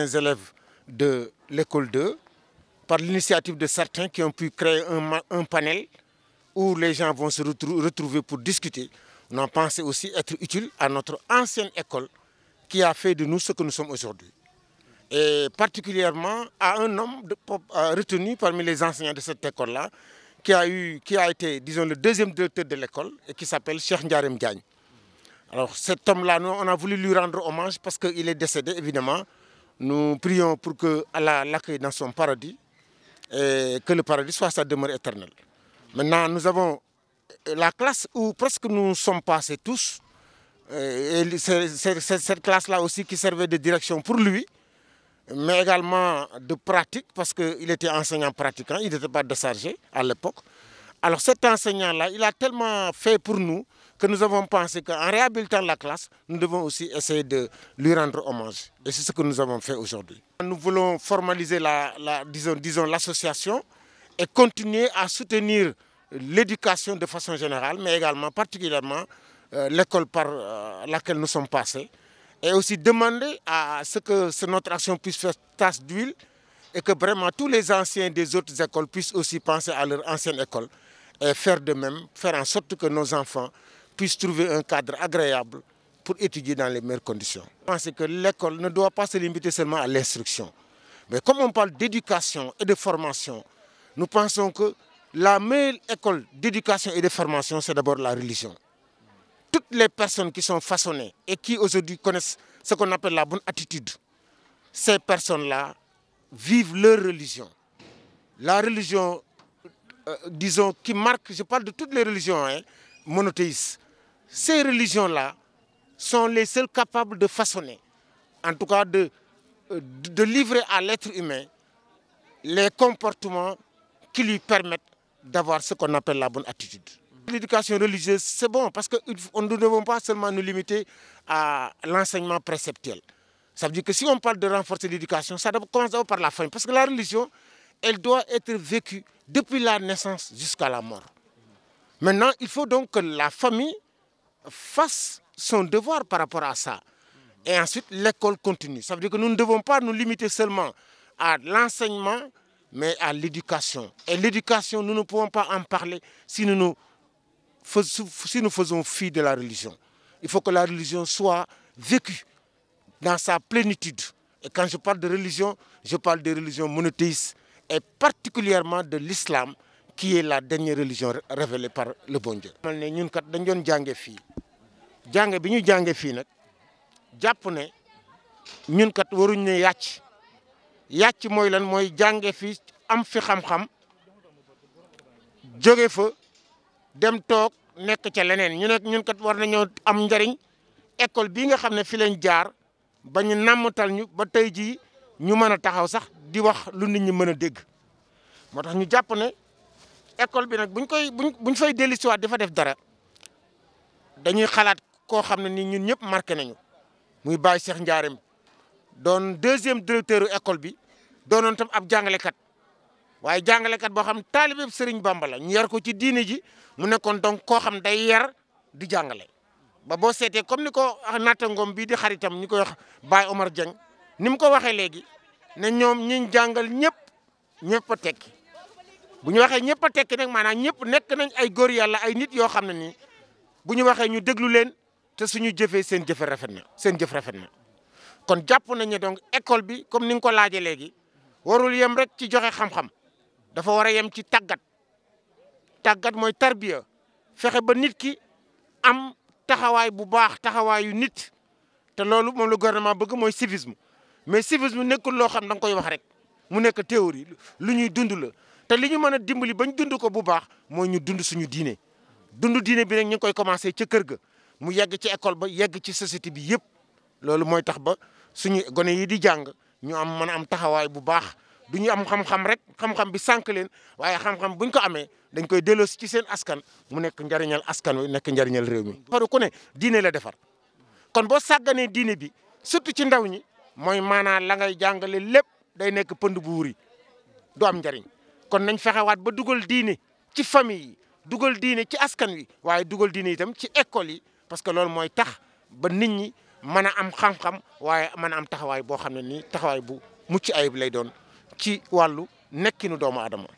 anciens de l'école 2, par l'initiative de certains qui ont pu créer un, un panel où les gens vont se retrou retrouver pour discuter. On en pensait aussi être utile à notre ancienne école qui a fait de nous ce que nous sommes aujourd'hui. Et particulièrement à un homme de, euh, retenu parmi les enseignants de cette école-là, qui a, eu, qui a été, disons, le deuxième directeur de l'école et qui s'appelle Cheikh Ndiarem Gagne. Alors cet homme-là, on a voulu lui rendre hommage parce qu'il Nous prions pour que la l'accueille dans son paradis et que le paradis soit sa demeure éternelle. Maintenant, nous avons la classe où presque nous sommes passés tous. Euh, et c'est cette classe-là aussi qui servait de direction pour lui, mais également de pratique, parce qu'il était enseignant pratiquant, il n'était pas déchargé à l'époque. Alors cet enseignant-là, il a tellement fait pour nous que nous avons pensé qu'en réhabilitant la classe, nous devons aussi essayer de lui rendre hommage. Et c'est ce que nous avons fait aujourd'hui. Nous voulons formaliser l'association et continuer à soutenir l'éducation de façon générale, mais également particulièrement euh, l'école par euh, laquelle nous sommes passés. Et aussi demander à ce que ce, notre action puisse faire tasse d'huile et que vraiment tous les anciens des autres écoles puissent aussi penser à leur ancienne école. et euh, faire de même, faire en sorte que nos enfants puissent trouver un cadre agréable pour étudier dans les meilleures conditions. Je que l'école ne doit pas se limiter seulement à l'instruction. Mais comme on parle d'éducation et de formation, nous pensons que la meilleure école d'éducation et de formation, c'est d'abord la religion. Toutes les personnes qui sont façonnées et qui aujourd'hui connaissent ce qu'on appelle la bonne attitude, ces personnes-là vivent leur Euh, disons, qui marquent, je parle de toutes les religions hein, monothéistes, ces religions la sont les seules capables de façonner, en tout cas de, euh, de livrer à l'être humain les comportements qui lui permettent d'avoir ce qu'on appelle la bonne attitude. L'éducation religieuse, c'est bon parce que nous ne devons pas seulement nous limiter à l'enseignement préceptuel. Ça veut dire que si on parle de renforcer l'éducation, ça commence par la famille. Parce que la religion, elle doit être vécue depuis la naissance jusqu'à la mort. Maintenant, il faut donc que la famille fasse son devoir par rapport à ça. Et ensuite, l'école continue. Ça veut dire que nous ne devons pas nous limiter seulement à l'enseignement, mais à l'éducation. Et l'éducation, nous ne pouvons pas en parler si nous, nous, faisons fi de la religion. Il faut que la religion soit vécue dans sa plénitude. Et quand de religion, je parle de religion monothéiste, et particulièrement de l'islam qui la dernière religion révélée par le bon mal ne ñun kat dañ doon jànge fii jànge bi ñu jànge fii nag jàpp ne ñun kat waruñ ne yàcc yàcc mooy lan mooy jànge fii am fi xam-xam jóge fa dem toog nekk ca leneen ñu nekk ñun kat war nañoo am njariñ école bii nga xam ne fi leen jaar ba ñu nàmmtal ñu ba tey jii ñu mën a taxaw sax di wax lu nit ñi mën a dégg moo tax ñu jàpp ne école bi nag buñ koy buñ buñ fay dellu si waat di fa def dara dañuy xalaat koo xam ne ni ñun ñëpp marqué nañu muy Baye Cheikh Ndiarème doon deuxième directeur école bi doonoon tam ab jàngalekat waaye jàngalekat boo xam taalibe Serigne Bamba la ñu yar ko ci diine ji mu nekkoon donc koo xam day yar di jàngale. ba boo seetee comme ni ko ngoom bi di xaritam ñu koy wax Baye Omar Dieng ni mu ko waxee léegi. ne ñoom ñiñ jàngal ñëpp ñëpp a tekki bu ñu waxee ñëpp a tekki nag maanaam ñëpp nekk nañ ay góor yàlla ay nit yoo xam ne ni bu ñu waxee ñu déglu leen te suñu jëfee seen jëfe rafet na seen jëf rafet na. kon jàpp nañ ne donc école bi comme ni nga ko laajee léegi warul yem rek ci joxe xam-xam dafa war a yem ci tàggat tàggat mooy tarbiya fexe ba nit ki am taxawaay bu baax taxawaayu nit te loolu moom la gouvernement bëgg mooy civisme. mais civisme nekkul loo xam da nga koy wax rek mu nekk théorie lu ñuy dund la te li ñu mën a dimbali bañ dund ko bu baax mooy ñu dund suñu diine dundu diine bi nag ñu ngi koy commencé ca kër ga mu yegg ci école ba yegg ci société bi yëpp loolu mooy tax ba suñu gone yi di jàng ñu am mën a am taxawaay bu baax du ñu am xam-xam rek xam-xam bi sànq leen waaye xam-xam buñ ko amee dañ koy delloosi ci seen askan mu nekk njariñal askan wi nekk njariñal réew mi. faru ku diine la defar kon boo sàgganee diine bi surtout ci ndaw ñi. mooy maanaa la ngay jàngale lépp day nekk pënd bu wuri du am njariñ kon nañ fexewaat ba dugal diine ci famille yi dugal diine ci askan wi waaye dugal diine itam ci école yi parce que loolu mooy tax ba nit ñi mën a am xam-xam waaye mën am taxawaay boo xam ne nii taxawaay bu mucc ayib lay doon ci wàllu nekkinu doomu aadama